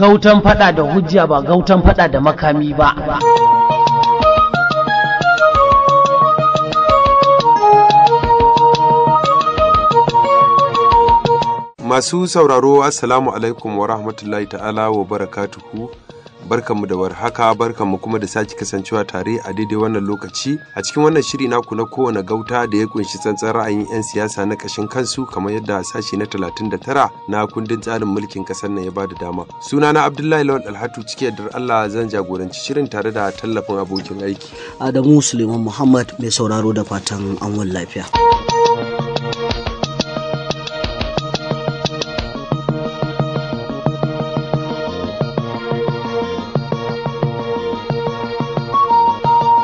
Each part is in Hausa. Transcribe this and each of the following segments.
gautan fada da hujja ba gautan fada da makami ba masu sauraro assalamu alaikum wa rahmatullahi ta'ala wa barakatuhu barkanmu da warhaka barkanmu kuma da sake kasancewa tare a daidai wannan lokaci a cikin wannan shiri naku na kowane gauta da ya kunshi tsantsan ra'ayin 'yan siyasa na kashin kansu kamar yadda sashi na 39 na kundin tsarin mulkin kasar nan ya da dama suna na abdullahi lawal alhatu cike da allah zan jagoranci shirin tare da tallafin abokin aiki adamu suleiman muhammad mai sauraro da fatan an lafiya.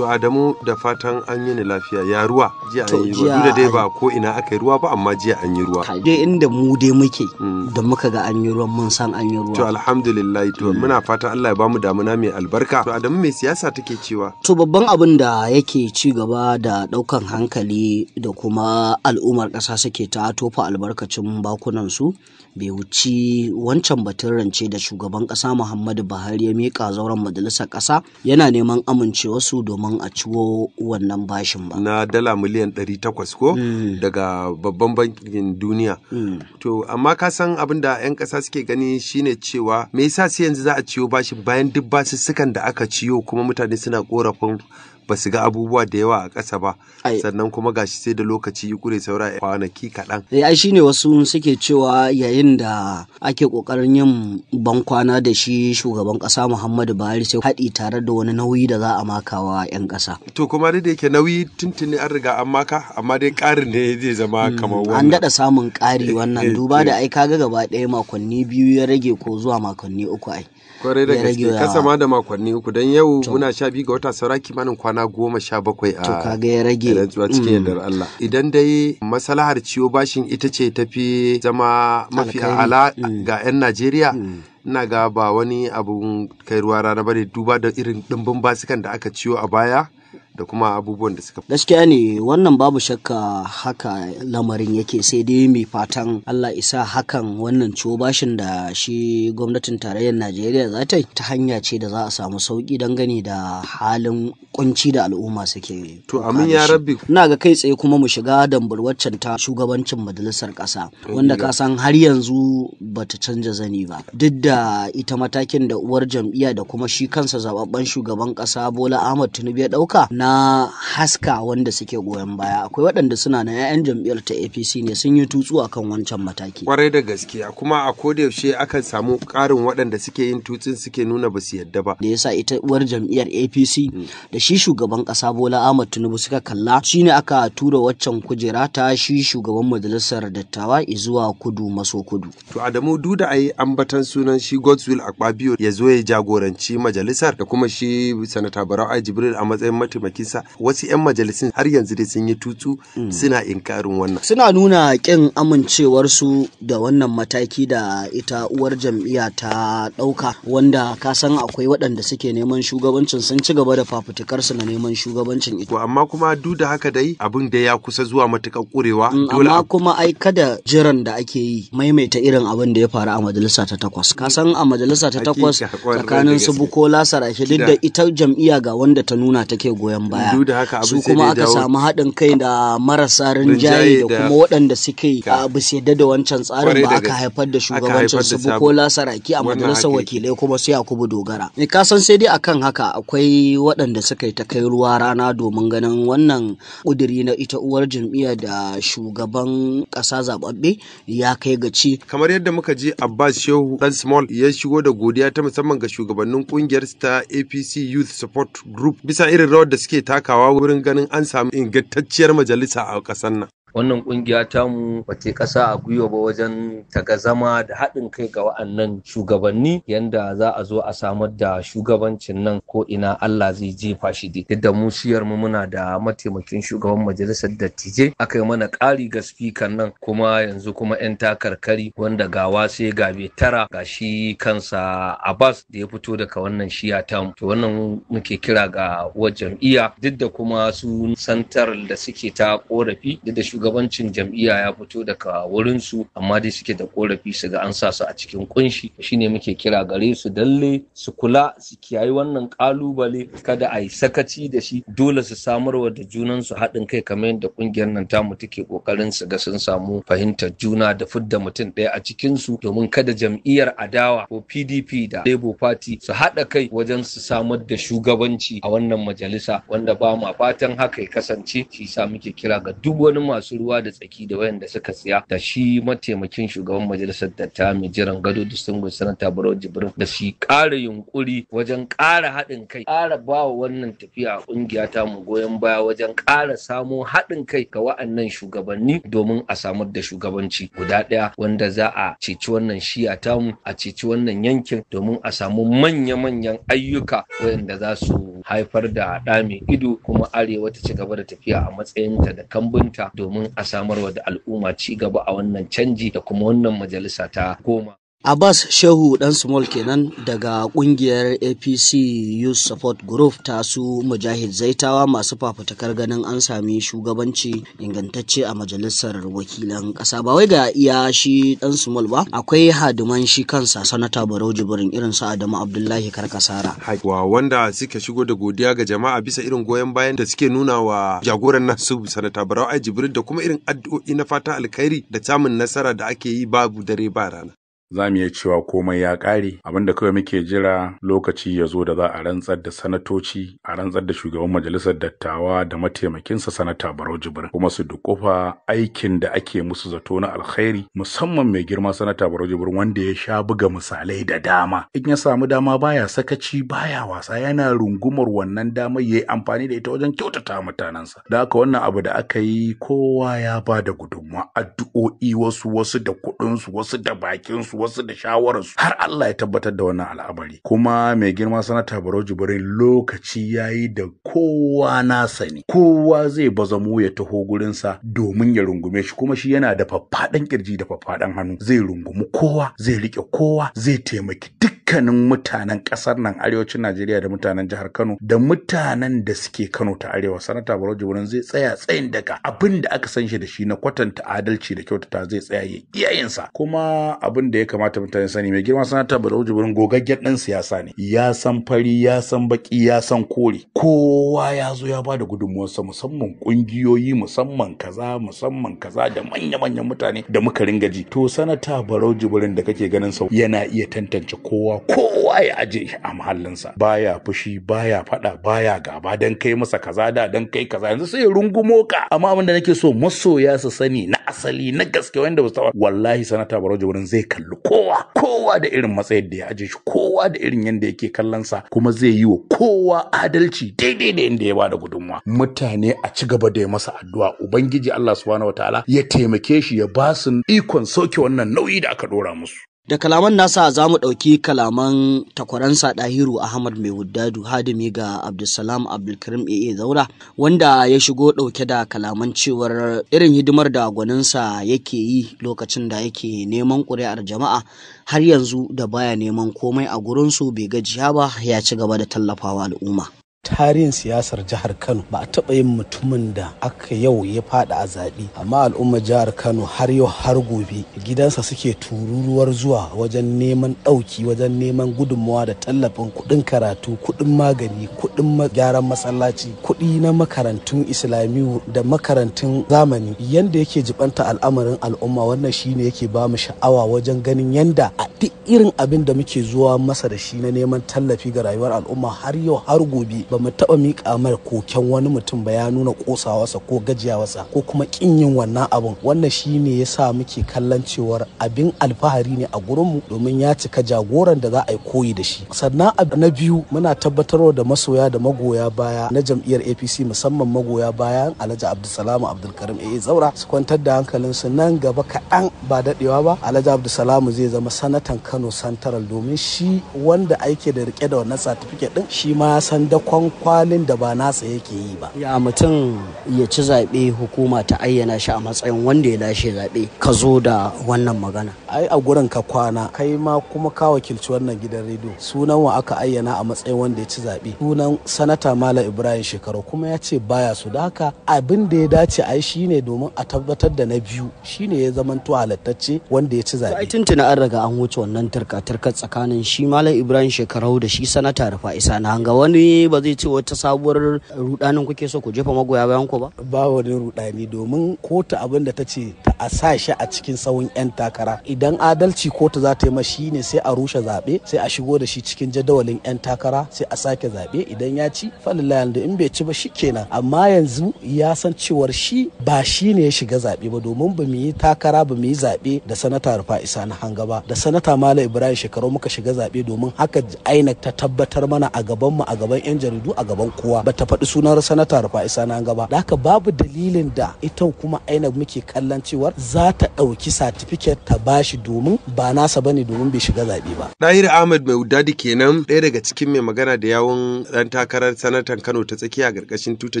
To Adamu da fatan an yi ni lafiya ya ruwa jiya an yi ruwa da dai ba ko ina aka yi ruwa ba amma jiya an yi ruwa. Dai inda mu dai muke mm. da muka ga an yi ruwa mun san an yi ruwa. To alhamdulillah to mm. muna fatan Allah ya bamu damuna mai albarka. To Adamu mai siyasa take cewa. To babban abin da yake ci gaba da daukan hankali da kuma al'ummar ƙasa suke ta tofa albarkacin bakunan su bai wuci wancan batun rance da shugaban kasa muhammadu buhari ya mika zauren majalisar kasa yana neman amincewarsu domin a ciwo wannan bashin ba na dala miliyan 800 ko mm. daga babban bankin duniya mm. to amma ka san abin da 'yan kasa suke gani shine cewa me yasa sai yanzu za a ciwo bashin bayan duk basussukan da aka ciwo kuma mutane suna korafin ba su ga abubuwa da yawa a ƙasa ba sannan kuma gashi sai da lokaci ya kure saura kwanaki kaɗan. ya eh, shi ne wasu suke cewa yayin da ake ƙoƙarin yin bankwana da shi shugaban ƙasa Muhammadu Buhari sai haɗi tare da wani nauyi da za a makawa 'yan ƙasa. To kuma dai da yake nauyi tuntuni an riga an maka amma dai ƙarin ne zai zama hmm, kamar wannan. An daɗa samun ƙari eh, wannan eh, duba da ai kaga gaba ɗaya makonni biyu ya rage ko zuwa makonni uku ai. kwarai da gaske kasa ma da makonni uku don yau muna sha biyu ga wata saura kimanin kwana goma sha bakwai a kaga ya rage rantsuwa cikin mm. yardar Allah idan dai masalahar ciwo bashin ita ce ta fi zama mafi ala mm. ga 'yan Najeriya mm. ina ga ba wani abun kai ruwa rana bane duba da irin dimbin basikan da aka ciwo a baya da kuma abubuwan da suka gaskiya ne wannan babu shakka haka lamarin yake sai dai mai fatan Allah isa hakan wannan ciwo bashin da shi gwamnatin tarayyar Najeriya za ta yi ta hanya ce da za a samu sauki dangane da halin kunci da al'umma suke to amin ya rabbi ina ga kai tsaye kuma mu shiga dambar waccan ta shugabancin majalisar ƙasa wanda ka san har yanzu bata canja zani ba duk da ita matakin da uwar jam'iyya da kuma shi kansa zababben shugaban kasa Bola Ahmad Tinubu ya dauka. na haska wanda suke goyon baya akwai waɗanda suna na 'ya'yan jam'iyyar ta apc ne sun yi tutsu a kan wancan mataki kwarai da gaskiya kuma a kodayaushe akan samu ƙarin waɗanda suke yin tutsin suke nuna ba su yadda ba da ya sa ita uwar jam'iyyar apc mm. da shi shugaban ƙasa bola ahmad tinubu suka kalla shine aka tura waccan kujera ta shi shugaban majalisar dattawa zuwa kudu maso kudu to adamu duda ayi ambatan sunan shi godswill akpabio ya zo ya jagoranci majalisar da kuma shi sanata barau jibril a matsayin bakinsa wasu 'yan majalisun har yanzu dai sun yi tutsu mm. suna inkarin wannan suna nuna kin amincewarsu da wannan mataki da ita uwar jam'iyya ta ɗauka wanda ka san akwai waɗanda suke neman shugabancin sun ci gaba da fafutukarsu na neman shugabancin ita amma kuma duk da haka dai abin da ya kusa zuwa matuƙar ƙurewa mm, amma kuma ai kada jiran da ake yi maimaita irin abin da ya faru a majalisa ta takwas ka san a majalisa ta takwas tsakanin su bukola sarake duk da ita jam'iyya ga wanda ta nuna take goyon goyon baya su kuma aka samu haɗin kai da marasa rinjaye da kuma waɗanda suke a bisa da wancan tsarin ba aka haifar da shugabancin su bukola saraki a majalisar wakilai kuma su yakubu dogara eh, ka kasan sai dai akan haka akwai waɗanda suka yi ta kai ruwa rana domin ganin wannan ƙuduri na ita uwar jam'iyya da shugaban ƙasa zababbe ya kai ga ci kamar yadda muka ji abbas shehu dan small ya shigo da godiya ta musamman ga shugabannin kungiyar ta apc youth support group bisa irin rawar da suke suke takawa wurin ganin an samu ingantacciyar majalisa a ƙasar nan. wannan kungiya tamu ba ta kasa a gwiwa ba wajen ta ga zama da haɗin kai ga wa'annan shugabanni yanda za a zo a samar da shugabancin nan ko ina Allah zai jefa shi dai duk da mu siyar mu muna da mataimakin shugaban majalisar dattijai aka yi mana ƙari ga speaker nan kuma yanzu kuma 'yan takarkari wanda gawa sai gabe tara ga shi kansa Abbas da ya fito daga wannan shiya tamu to wannan muke kira ga wajen iya. duk da kuma su santar da suke ta korafi duk da shugabancin jam'iyya ya fito daga wurinsu amma dai suke da korafi su ga an sa su a cikin kunshi shine muke kira gare su dalle su kula su kiyayi wannan kalubale kada a yi sakaci da shi dole su samarwa da junansu haɗin kai kamar yadda ƙungiyar nan tamu take kokarin su ga sun samu fahimtar juna da fidda mutum ɗaya a cikin su domin kada jam'iyyar adawa ko pdp da labour party su haɗa kai wajen su samar da shugabanci a wannan majalisa wanda ba ma fatan haka ya kasance shi sa muke kira ga duk wani masu masu ruwa da tsaki da wayanda suka tsaya da shi mataimakin shugaban majalisar ta mai jiran gado da distinguished sanata barau jibrin da shi ƙara yunkuri wajen ƙara haɗin kai ƙara ba wa wannan tafiya ƙungiya ta mu goyon baya wajen ƙara samo haɗin kai ga wa'annan shugabanni domin a samar da shugabanci guda ɗaya wanda za a ceci wannan shiya mu a ceci wannan yankin domin a samu manya-manyan ayyuka wayanda za su haifar da ɗa ido kuma arewa ta ci gaba da tafiya a matsayinta da kambunta domin a samarwa da al'umma ci gaba a wannan canji da kuma wannan majalisa ta goma. Abbas Shehu ɗan Small kenan daga ƙungiyar APC Youth Support Group ta su Mujahid Zaitawa masu fafutukar ganin an sami shugabanci ingantacce a majalisar wakilan ƙasa ba wai ga iya shi dan Small ba akwai haduman shi kansa sanata Barau Jibrin irin su Adamu Abdullahi Karkasara. Wa wanda suke shigo da godiya ga jama'a bisa irin goyon bayan da suke nuna wa jagoran nasu sanata Barau Jibrin da kuma irin addu'o'i na fata alkhairi da samun nasara da ake yi babu dare ba rana. za mu iya cewa komai ya ƙare Abin da kawai muke jira lokaci ya zo da za a rantsar da sanatoci a rantsar da shugaban majalisar dattawa da mataimakinsa sanata barau jibrin kuma su dukufa aikin da ake musu zato na alkhairi musamman mai girma sanata barau jibrin wanda ya sha buga misalai da dama in ya samu dama baya sakaci baya wasa yana rungumar wannan damar ya yi amfani da ita wajen kyautata mutanensa da haka wannan abu da aka yi kowa ya ba da gudunmawa addu'o'i wasu wasu da kuɗinsu wasu da bakinsu wasu da shawararsu har Allah ya tabbatar da wannan al'amari kuma mai girma sanata baro Jibrin lokaci yayi da kowa na sani kowa zai bazamo ya taho gurinsa domin ya rungume shi kuma shi yana da faffaɗan kirji da faffaɗan hannu zai rungumi kowa zai riƙe kowa zai taimaki duk dukkanin mutanen ƙasar nan arewacin Najeriya da mutanen jihar Kano da mutanen da suke Kano ta arewa sanata Barau Jibrin zai tsaya tsayin daga abin da aka san shi da shi na kwatanta adalci da kyautata zai tsaya ya iyayensa kuma abin da ya kamata mutane sani mai girma sanata Barau Jibrin gogaggen dan siyasa ne ya san fari ya san baki ya san kore kowa ya zo ya bada sa musamman kungiyoyi musamman kaza musamman kaza da manya-manyan mutane da muka ringa ji to sanata Barau Jibrin da kake ganin sa yana iya tantance kowa kowa ya aje shi a mahallinsa baya fushi baya faɗa baya gaba dan kai masa kaza da dan kai kaza yanzu sai rungumo ka amma abin da nake so masoya su sani na asali na gaske wanda ba wallahi sanata baroje wurin zai kalli kowa kowa da irin matsayin da ya aje shi kowa da irin yanda yake kallon sa kuma zai yi wa kowa adalci daidai da yanda ya bada gudunmawa mutane a ci gaba da ya masa addu'a ubangiji Allah subhanahu wataala ya taimake shi ya ba ikon soke wannan nauyi da aka dora musu da kalaman nasa za mu ɗauki kalaman takwaransa ɗahiru ahmad mai wuddadu hadimi ga abdulsalam abdulkarim ee zaura wanda ya shigo ɗauke da kalaman cewar irin hidimar da gwaninsa yake yi lokacin da yake neman ƙuri'ar jama'a har yanzu da baya neman komai a gurinsu bai gajiya ba ya ci gaba da tallafawa al'umma tarihin siyasar jihar kano ba a taɓa yin mutumin da aka yau ya fada a zaɓe amma al'ummar jihar kano har yau har gobe gidansa suke tururuwar zuwa wajen neman ɗauki wajen neman gudunmawa da tallafin kuɗin karatu kuɗin magani kuɗin gyaran masallaci kuɗi na makarantun islamiyu da makarantun zamani yanda yake jibanta al'amarin al'umma wannan shine yake ba mu sha'awa wajen ganin yanda a duk irin abin da muke zuwa masa da shi na neman tallafi ga rayuwar al'umma har yau har gobe ba mu taɓa mika mara koken wani mutum ba ya nuna kosawarsa ko gajiyawarsa ko kuma kin yin wannan abun wannan shi ne ya muke kallon cewar abin alfahari ne a gurinmu domin ya cika jagoran da za a yi koyi da shi sannan na biyu muna tabbatarwa da masoya da magoya baya na jam'iyyar apc musamman magoya bayan alhaji abdulsalamu abdulkarim a zaura su kwantar da su nan gaba kaɗan ba daɗewa ba alhaji abdulsalamu zai zama sanatan kano santral. domin shi wanda ake da rike da wannan satifiket din. shi ma ya san dakon hawan kwalin da ba nasa yake yi ba ya mutum ya ci zaɓe hukuma ta ayyana shi a matsayin wanda ya lashe zaɓe ka zo da wannan magana ai a gurin ka kwana kai ma kuma ka wakilci wannan gidan rediyo sunan wa aka ayyana a matsayin wanda ya ci zaɓe sunan sanata malam ibrahim shekaru kuma ya ce baya su da haka abin da ya dace a yi shine domin a tabbatar da na biyu shine ya zamanto halattacce wanda ya ci zaɓe ai tuntuna an riga an wuce wannan tarka tsakanin shi malam ibrahim shekaru da shi sanata da fa'isa na hanga wani ba zai zai ce wata sabuwar rudanin kuke so ku jefa magoya bayan ku ba ba wani rudani domin kotu abin da ta ce ta a sa shi a cikin tsawon yan takara idan adalci kotu za ta yi mashi ne sai a rushe zaɓe sai a shigo da shi cikin jadawalin yan takara sai a sake zaɓe idan ya ci falilayan da in bai ci ba kenan. amma yanzu ya san cewar shi ba shi ne ya shiga zaɓe ba domin ba mu yi takara ba mu yi zabe da sanata rufa isa na hanga ba da sanata malam ibrahim shekaru muka shiga zaɓe domin haka ainak ta tabbatar mana a gaban mu a gaban yan jaridu shaidu a gaban kowa ba ta faɗi sunan sanata isa na gaba da haka babu dalilin da ita kuma aina muke kallon cewar za ta ɗauki satifiket ta bashi domin ba nasa ne domin bai shiga zaɓe ba. Ɗahir ahmed Mai Udadi kenan ɗaya daga cikin mai magana da yawun ɗan takarar sanatan Kano ta tsakiya ƙarƙashin tuta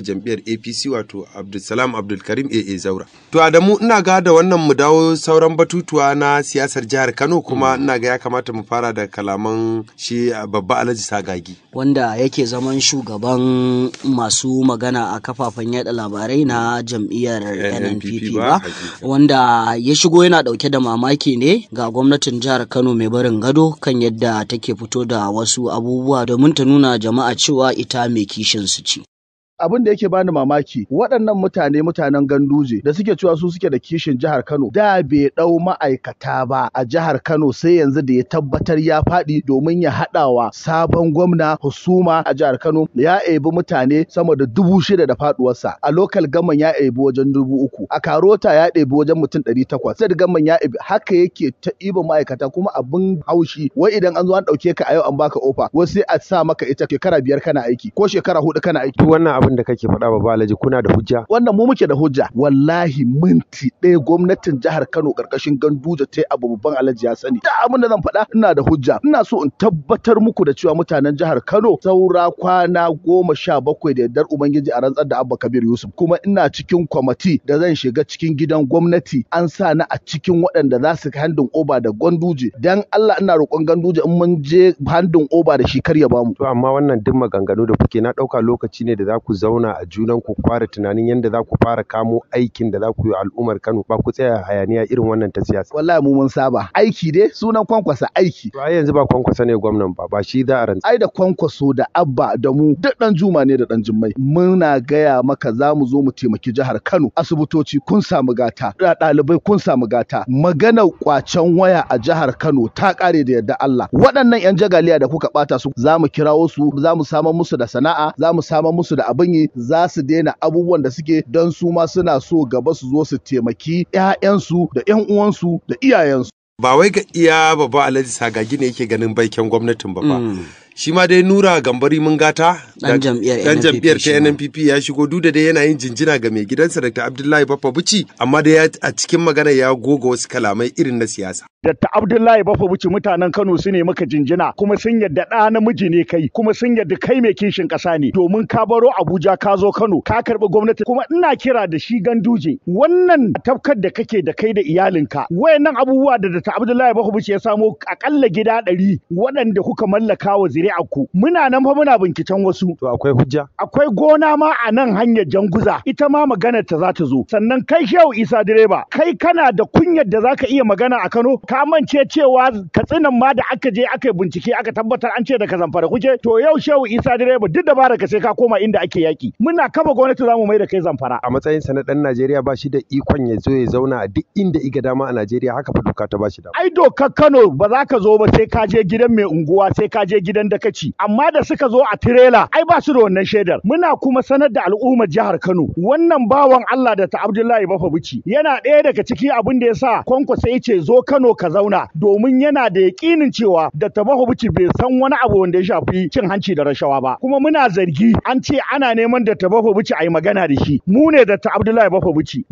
jam'iyyar APC wato Abdulsalam Abdulkarim AA Zaura. To Adamu ina ga da wannan mu dawo sauran batutuwa na siyasar jihar Kano kuma mm. ina ga ya kamata mu fara da kalaman shi babba Alhaji Sagagi. Wanda yake zaman shugaban masu magana a kafafen yada labarai na jam'iyyar nnpp ba wanda ya shigo yana dauke da mamaki ne ga gwamnatin jihar kano mai barin gado kan yadda take fito da wasu abubuwa domin ta nuna jama'a cewa ita mai kishin su ce abin da yake bani mamaki waɗannan mutane mutanen ganduje da suke cewa su suke da kishin jihar Kano da bai ɗau ma'aikata ba a jihar Kano sai yanzu da ya tabbatar ya faɗi domin ya haɗawa sabon gwamna husuma a jihar Kano ya ebi mutane sama da dubu shida da faɗuwarsa a lokal gaman ya ebi wajen dubu uku a karota ya ɗebi wajen mutum ɗari takwas sai da ya ebi haka yake ta iba ma'aikata kuma abin haushi wai idan an zo an ɗauke ka a yau an baka ofa wasu sai a sa maka ita shekara biyar kana aiki ko shekara hudu kana aiki abin da kake faɗa ba Balaji kuna da hujja wannan mu muke da hujja wallahi minti ɗaya gwamnatin jihar Kano karkashin Ganduje ta abu babban Alhaji ya sani da abin da zan faɗa ina da hujja ina so in tabbatar muku da cewa mutanen jihar Kano saura kwana goma sha bakwai da yardar Ubangiji a rantsar da Abba Kabir Yusuf kuma ina cikin kwamati da zan shiga cikin gidan gwamnati an sa na a cikin waɗanda za su handin oba da Ganduje dan Allah ina roƙon Ganduje in mun je handin oba da shi kar ya bamu to amma wannan duk maganganu da kuke na ɗauka lokaci ne da za ku zauna a junan ku ku fara tunanin yadda za ku fara kamo aikin da za ku yi al'ummar Kano ba ku tsaya hayaniya irin wannan ta siyasa. Wallahi mu mun saba aiki dai sunan kwankwasa aiki. To ai yanzu ba kwankwasa ne gwamnan ba ba shi za a rantsa. Ai da kwankwaso da abba da mu duk dan juma ne da dan jummai muna gaya maka za mu zo mu taimaki jihar Kano asibitoci kun samu gata ɗalibai kun samu gata maganar kwacen waya a jihar Kano ta ƙare da yadda Allah waɗannan 'yan jagaliya da kuka ɓata su za mu kirawo su za mu samar musu da sana'a za mu samar musu da abin abin yi za su daina abubuwan da suke don su ma suna so gaba su zo su taimaki 'ya'yansu da 'yan uwansu da iyayensu ba wai ga iya ba ba alhaji sagagi ne yake ganin baiken gwamnatin ba ba shi ma dai nura gambari mun gata dan jam'iyyar ta nnpp ya shigo duk da dai yana yin jinjina ga mai gidansa dr abdullahi baffa buci amma dai a cikin magana ya goga wasu kalamai irin na siyasa Dr. Abdullahi Baffa Buci mutanen Kano su ne maka jinjina kuma sun yadda ɗa namiji ne kai kuma sun yadda kai mai kishin ƙasa ne domin ka baro Abuja ka zo Kano ka karɓi gwamnati kuma ina kira da shi ganduje wannan tafkar da kake da kai da iyalinka wayannan abubuwa da Dr. Abdullahi Baffa Buci ya samo akalla gida ɗari waɗanda kuka mallaka wa ku muna nan fa muna binciken wasu to akwai hujja akwai gona ma a nan hanyar janguza ita ma maganar ta za ta zo sannan kai shehu isa direba kai kana da kunyar da zaka iya magana a Kano ka mance cewa katsinan ma da aka je aka bincike aka tabbatar an ce da zamfara kuje? to yau shehu isa direba duk da baraka sai ka koma inda ake yaki muna kafa gwamnati zamu mai da kai zamfara a matsayin sa na dan Najeriya ba shi da ikon ya zo ya zauna a duk inda iga dama a Najeriya haka fa doka ta ba shi da ai dokar Kano ba za ka zo ba sai ka je gidan mai unguwa sai ka je gidan da ka amma da suka zo a tirela ai ba su da wannan shaidar muna kuma sanar da al'ummar jihar Kano wannan bawan Allah da ta Abdullahi Bafabuci yana ɗaya daga ciki abin da ya yasa Kwankwasa sai ce zo Kano ka zauna domin yana da yakinin cewa da ta bai san wani abu wanda ya shafi cin hanci da rashawa ba kuma muna zargi an ce ana neman da ta a yi magana da shi mu ne da ta Abdullahi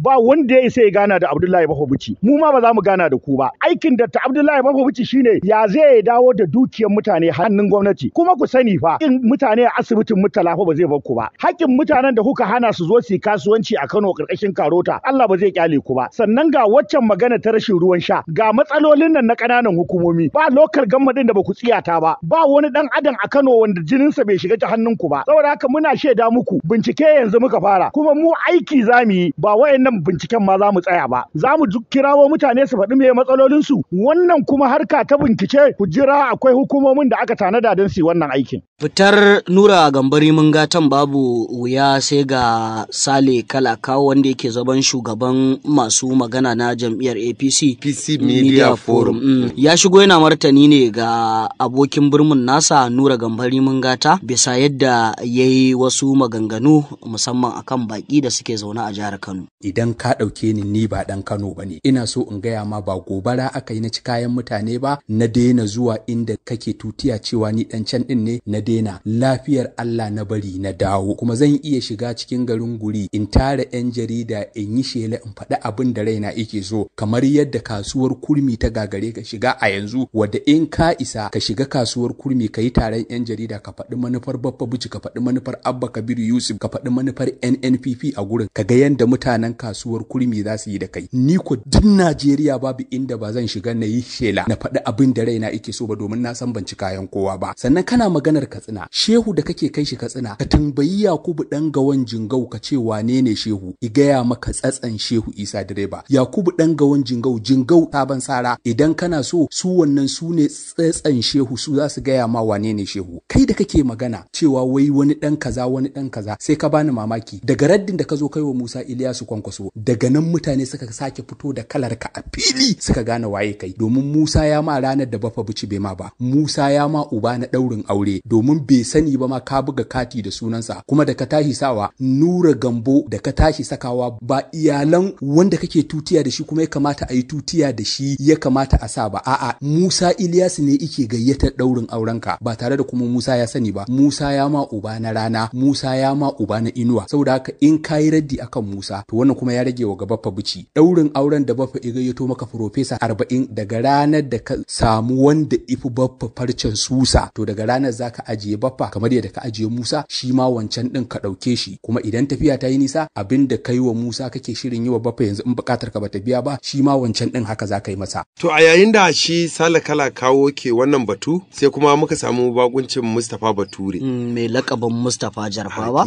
ba wanda ya isa ya gana da Abdullahi Bafabuci mu ma ba za mu gana da ku ba aikin da ta Abdullahi Bafabuci shine ya zai dawo da dukiyar mutane hannun gwamnati gwamnati kuma ku sani fa in mutane a asibitin mutala ba zai bar ku ba hakkin mutanen da kuka hana su zo su kasuwanci a Kano karkashin Karota Allah ba zai kyale ku ba sannan ga waccan magana ta rashin ruwan sha ga matsalolin nan na kananan hukumomi ba lokal gammadin da ba ku tsiyata ba ba wani dan adam a Kano wanda jinin sa bai shiga ta ku ba saboda haka muna shaida muku bincike yanzu muka fara kuma mu aiki zamu yi ba wayannan binciken ma za mu tsaya ba zamu mu kirawo mutane su faɗi me matsalolin su wannan kuma harka ta bincike ku jira akwai hukumomin da aka tanada don su wannan aikin. Fitar Nura Gambari mun gatan babu wuya sai ga Sale Kalakawo wanda yake zaban shugaban masu magana na jam'iyyar APC. PC Media, Forum. Mm. Ya shigo yana martani ne ga abokin birnin nasa Nura Gambari mun gata bisa yadda ya yi wasu maganganu musamman akan baƙi da suke zaune a jihar Kano. Idan ka ɗauke ni ni ba ɗan Kano ba ne, ina so in gaya ma ba gobara aka yi na ci kayan mutane ba na daina zuwa inda kake tutiya cewa ni Ɗan can ɗin ne na daina lafiyar Allah na bari na dawo kuma zan iya shiga cikin garin guri in tara yan jarida in yi shela in faɗi abin da raina yake so kamar yadda kasuwar kurmi ta gagare ka shiga a yanzu wadda in ka isa ka shiga kasuwar kurmi ka yi taron yan jarida ka faɗi manufar babba buci ka faɗi manufar abba kabiru yusuf ka faɗi manufar nnpp a gurin ka ga yadda mutanen kasuwar kurmi za su yi da kai ni ko duk najeriya babu inda ba zan shiga na yi shela na faɗi abin da raina yake so ba domin na san ban ci kayan kowa ba sannan kana maganar katsina shehu da kake kai shi katsina ka tambayi yakubu dan gawan jingau ka ce wane ne shehu i gaya maka tsatsan shehu isa direba yakubu dan gawan jingau jingau sabon sara idan kana so su wannan su ne tsatsan shehu su za su gaya ma wane ne shehu kai da kake magana cewa wai wani dan kaza wani dan kaza sai ka bani mamaki daga raddin da ka zo kai wa musa iliyasu kwankwaso daga nan mutane suka sake fito da kalar ka a fili suka gane waye kai domin musa ya ma ranar da bafa bici bai ma ba musa ya ma uba na daurin aure domin bai sani ba ma ka buga kati da sunansa kuma da ka tashi sawa nura gambo da ka tashi sakawa ba iyalan wanda kake tutiya da shi kuma ya kamata a yi tutiya da shi ya kamata a sa ba a'a Musa Ilyas ne ike gayyatar ɗaurin aurenka ba tare da kuma Musa ya sani ba Musa ya ma uba na rana Musa ya ma uba na inuwa saboda haka in kayi raddi akan Musa to wannan kuma ya rage wa gaba fa bici ɗaurin auren da bafa ya gayyato maka professor arba'in daga ranar da ka samu wanda ifi baffa farcen susa to daga ranar zaka ajiye baffa kamar yadda ka ajiye musa shi ma wancan ɗin ka ɗauke shi kuma idan tafiya ta yi nisa abin da ka yi wa musa kake shirin yi wa baffa yanzu in buƙatar ka bata biya ba shi ma wancan ɗin haka zaka yi masa. to a yayin da shi sale kala kawo ke wannan batu sai kuma muka samu bakuncin mustapha bature. Mm, mai lakabin mustapha jarfawa.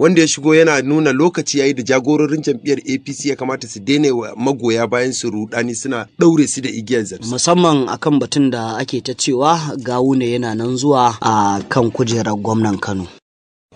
wanda ya shigo yana nuna lokaci yayi da jagororin jam'iyyar APC ya kamata su daina wa magoya bayan su rudani suna daure su da igiyar zabi musamman akan batun da ake ta cewa gawune yana nan zuwa a kan kujerar gwamnan Kano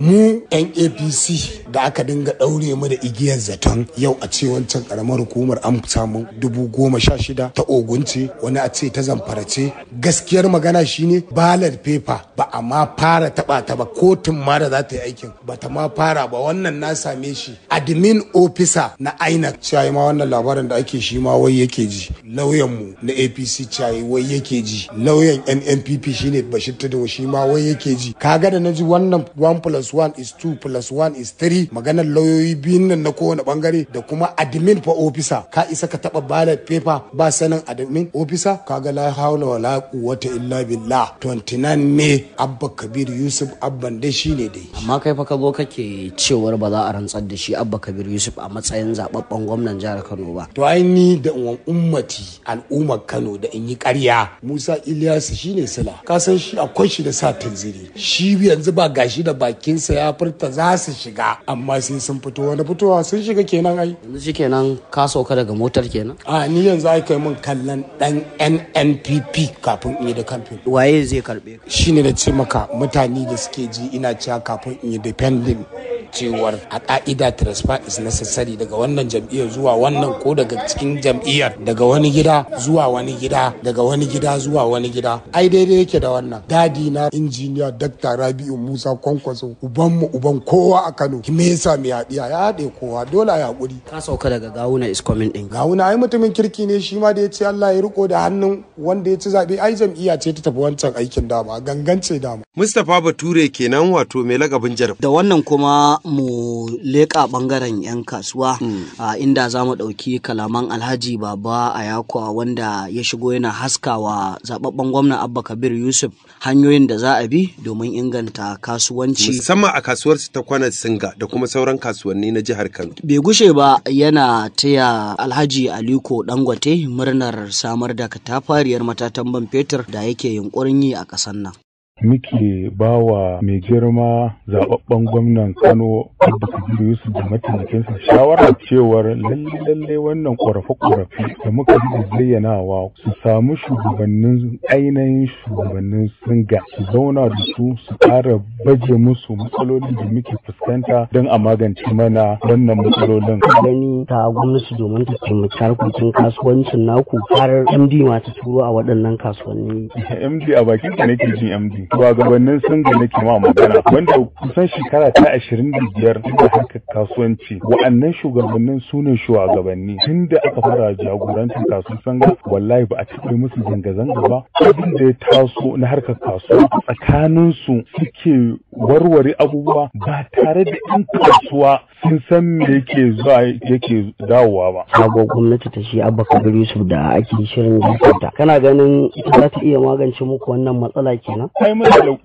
mu yan apc da aka dinga daure mu da igiyar zaton yau a ce wancan karamar hukumar an samu dubu goma sha shida ta ogunce wani a ce ta zamfara ce gaskiyar magana shine balar fefa ba a ma fara taba ta ba kotun ma da za ta yi aikin ba ta ma fara ba wannan na same shi admin officer na inec cewa ma wannan labarin da ake shi ma wai yake ji lauyan mu na apc cewa wai yake ji lauyan nnpp shine bashir tudu shi ma wai yake ji kaga da na ji wannan one plus plus one is two plus one is three. maganar lauyoyi biyun nan na kowane bangare da kuma admin fa ofisa ka isa ka taba ballot paper ba sanin admin ofisa kaga la haula wala quwwata illa billah 29 ne abba kabir yusuf abban dai shine dai amma kai fa ka zo kake cewar ba za a rantsar da shi abba kabir yusuf a matsayin zababben gwamnan jihar kano ba to ai ni da uwan ummati al'ummar kano da in yi ƙarya musa ilyas shine sala. ka san shi akwai shi da sa tanziri shi yanzu ba gashi da bakin bakinsa ya furta za su shiga amma sai sun fito wani fitowa sun shiga kenan ai yanzu shi kenan ka sauka daga motar kenan a ni yanzu ai kai mun kallon dan NNPP kafin in yi da kamfen waye zai karbe shine da ce maka mutane da suke ji ina cewa kafin in yi dependent cewar a ka'ida transfer is necessary daga wannan jam'iyyar zuwa wannan ko daga cikin jam'iyyar daga wani gida zuwa wani gida daga wani gida zuwa wani gida ai daidai yake da wannan dadi na injiniya dakta rabi'u musa kwankwaso ubanmu uban kowa a kano me yasa mai haɗiya ya haɗe kowa dole a hakuri ka sauka daga gawuna iskomin ɗin gawuna ai mutumin kirki ne shi ma da ya ce allah ya riko da hannun wanda ya ci zaɓe ai jam'iyya ce ta tafi wancan aikin dama gangance dama mustapha bature kenan wato mai lagabin jarab da wannan kuma mu leƙa ɓangaren 'yan kasuwa hmm. inda za mu ɗauki kalaman alhaji baba a yakuwa wanda ya shigo yana haskawa zaɓaɓɓen gwamna abba kabir yusuf hanyoyin da za a bi domin inganta kasuwanci musamman a kasuwar ta kwana singa da kuma sauran kasuwanni na jihar kano bai gushe ba yana taya alhaji aliko dangote murnar samar da katafariyar matatan ban fetur da yake yunkurin yi a ƙasar nan muke bawa mai girma zaɓaɓɓen gwamnan kano abba kabiru yusuf da mataimakinsa shawara cewar lalle wannan korafe-korafe da muka yi zayyanawa su samu shugabannin ainihin shugabannin singa su zauna da su su ƙara baje musu matsalolin da muke fuskanta don a magance mana wannan matsalolin. idan ta gwamnati domin ta taimaki harkokin kasuwancin naku har md ma ta turo a waɗannan kasuwanni. md a bakin ka nake jin md. shugabannin sun da nake ma magana wanda kusan shekara ta ashirin da biyar da haka kasuwanci wa'annan shugabannin su ne shugabanni tun da aka fara jagorancin kasuwan sanga wallahi ba a taɓa musu zanga-zanga ba abin da ya taso na harkar kasuwa tsakanin su suke warware abubuwa ba tare da yan kasuwa sun san me yake zuwa yake dawowa ba. Sabo gwamnati ta shi abba kabiru da ake shirin gasanta kana ganin za ta iya magance muku wannan matsala kenan. Ai mesmo, eu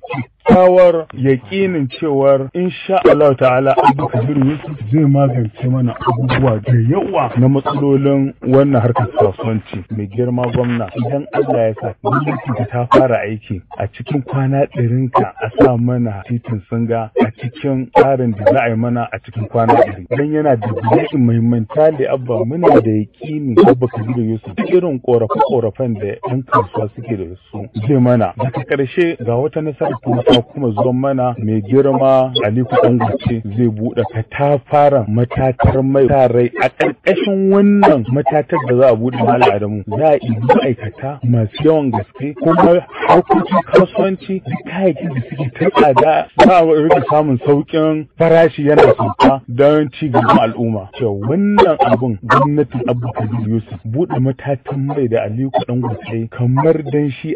kyakkyawar yaƙinin cewar insha Allah ta'ala Abdul Kabir Yusuf zai magance mana abubuwa da yawa na matsalolin wannan harkar kasuwanci mai girma gwamna idan Allah ya sa gwamnati ta fara aiki a cikin kwana ka a sa mana titin singa a cikin tsarin da za a yi mana a cikin kwana ɗari dan yana da yakin muhimmanta da abba muna da yaƙini abba kabiru Yusuf irin korafe-korafen da 'yan kasuwa suke da su zai mana daga ƙarshe ga wata nasarar kuma kuma zuwan mana mai girma Aliko Dangote zai buɗe katafaren matatar mai sa rai a ƙarƙashin wannan matatar da za a buɗe na Adamu za a yi ma'aikata masu yawan gaske kuma harkoki kasuwanci da kayayyaki da suke ta tsada za a rika samun sauƙin farashi yana sauka don ci gaban al'umma. Cewa wannan abun gwamnatin Abu Kabir Yusuf buɗe matatan mai da aliku Dangote kamar dan shi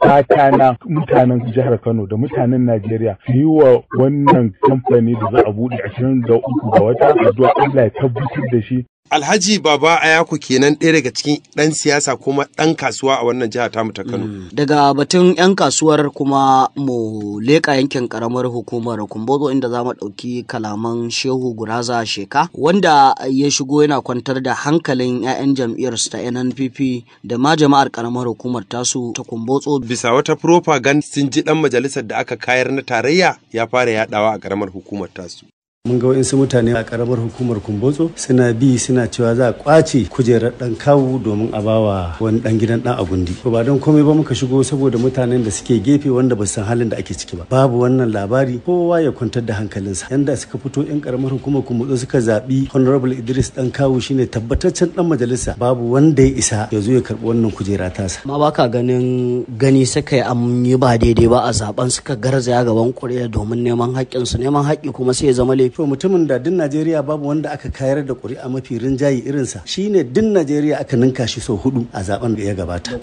ake na mutanen jihar Kano da mutanen mutanen Najeriya su yi wa wannan kamfani da za a buɗe 23 ga wata zuwa Allah ya tabbatar da shi Alhaji Baba Ayako kenan ɗaya daga cikin ɗan siyasa kuma ɗan kasuwa a wannan jiha tamu ta Kano. Mm. Daga batun 'yan kasuwar kuma mu leƙa yankin ƙaramar hukumar Kumbozo inda za mu ɗauki kalaman Shehu Guraza Sheka wanda ya shigo yana kwantar da hankalin 'ya'yan jam'iyyar ta NNPP da ma jama'ar ƙaramar hukumar tasu ta Kumbotso. Bisa wata propaganda sun ji ɗan majalisar da aka kayar na tarayya ya fara yaɗawa a ƙaramar hukumar tasu. mun ga wa'insu mutane a karamar hukumar kumbotso suna bi suna cewa za a kwace kujerar dan kawu domin a bawa wani dan gidan dan agundi gundi. ba don komai ba muka shigo saboda mutanen da suke gefe wanda ba san halin da ake ciki ba babu wannan labari kowa ya kwantar da hankalinsa yanda suka fito yan karamar hukumar kumbotso suka zabi honorable Idris dan kawu shine tabbataccen dan majalisa babu wanda ya isa ya zo ya karbi wannan kujera tasa ma baka ganin gani suka yi an yi ba daidai ba a zaben suka garzaya gaban kuriya domin neman haƙƙinsu neman haƙƙi kuma sai ya zama laifi to mutumin da din najeriya babu wanda aka kayar da ƙuri'a mafi rinjaye irinsa shine din najeriya aka ninka shi sau hudu a zaben da ya gabata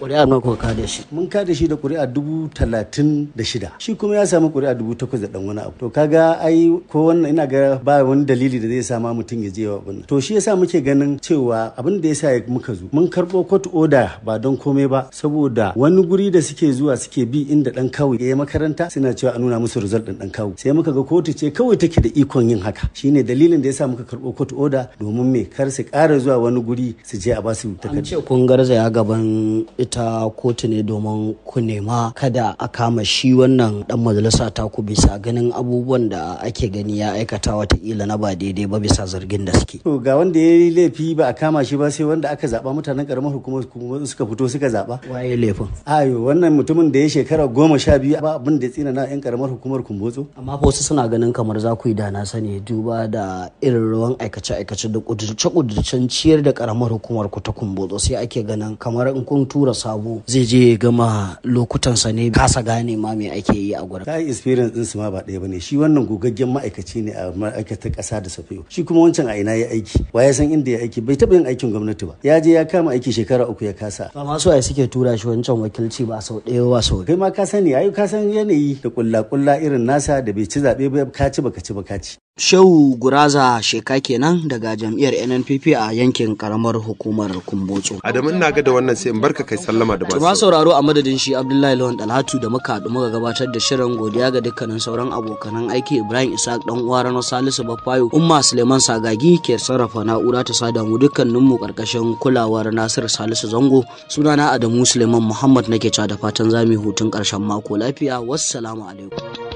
kada shi mun kada shi da ƙuri'a dubu talatin da shida shi kuma ya samu ƙuri'a dubu takwas da ɗan wani abu to kaga ai ko wannan ina ga ba wani dalili da zai sama mutum ya je wa to shi yasa muke ganin cewa abin da ya yasa muka zo mun karɓo court order ba don komai ba saboda wani guri da suke zuwa suke bi inda ɗan kawu ya makaranta suna cewa a nuna musu result ɗin ɗan kawu sai muka ga kotu ce kawai take da ikon yin haka shine dalilin da ya sa muka karbo court order domin me kar su kara zuwa wani guri su je a basu takardu an ce kun garzaya gaban ita kotu ne domin ku nema kada a kama shi wannan dan majalisa ta ku bisa ganin abubuwan da ake gani ya aikata wata ila na ba daidai ba bisa zargin da suke to ga wanda ya laifi ba a kama shi ba sai wanda aka zaba mutanen karamar hukumar suka fito suka zaba waye laifin ayo wannan mutumin da ya shekara goma sha biyu ba abin da tsina na yan karamar hukumar kumbotso amma fa wasu suna ganin kamar za ku yi da na sani ne duba da irin ruwan aikace-aikace da kudurce-kudurcen ciyar da karamar hukumar ku ta sai ake ganin kamar in kun tura sabo zai je ya gama lokutansa ne kasa gane ma me ake yi a gurin. Kayan experience su ma ba ɗaya ba shi wannan gogaggen ma'aikaci ne a ma'aikatar kasa da safiyo shi kuma wancan a ina ya aiki wa ya san inda ya aiki bai taɓa yin aikin gwamnati ba ya je ya kama aiki shekara uku ya kasa. Ba masu ai suke tura shi wancan wakilci ba sau ɗaya ba sau. Kai ma ka sani ayu ka san yanayi da kulla-kulla irin nasa da bai ci zaɓe ba ka ci baka ci baka ci. Shehu Guraza Sheka kenan daga jam'iyyar NNPP a yankin karamar hukumar Kumbotso. Adamu ina ga da wannan sai in barka kai sallama da masu. sauraro a madadin shi Abdullahi Lawan Dalhatu da muka haɗu muka gabatar da shirin godiya ga dukkanin sauran abokanan aiki Ibrahim Isaac dan uwa Rano Salisu Baffayo Umma Suleiman Sagagi ke sarrafa na'ura ta sada mu dukkanin mu karkashin kulawar Nasir Salisu Zango sunana Adamu Suleiman Muhammad nake ca da fatan zamu hutun karshen mako lafiya wassalamu alaikum.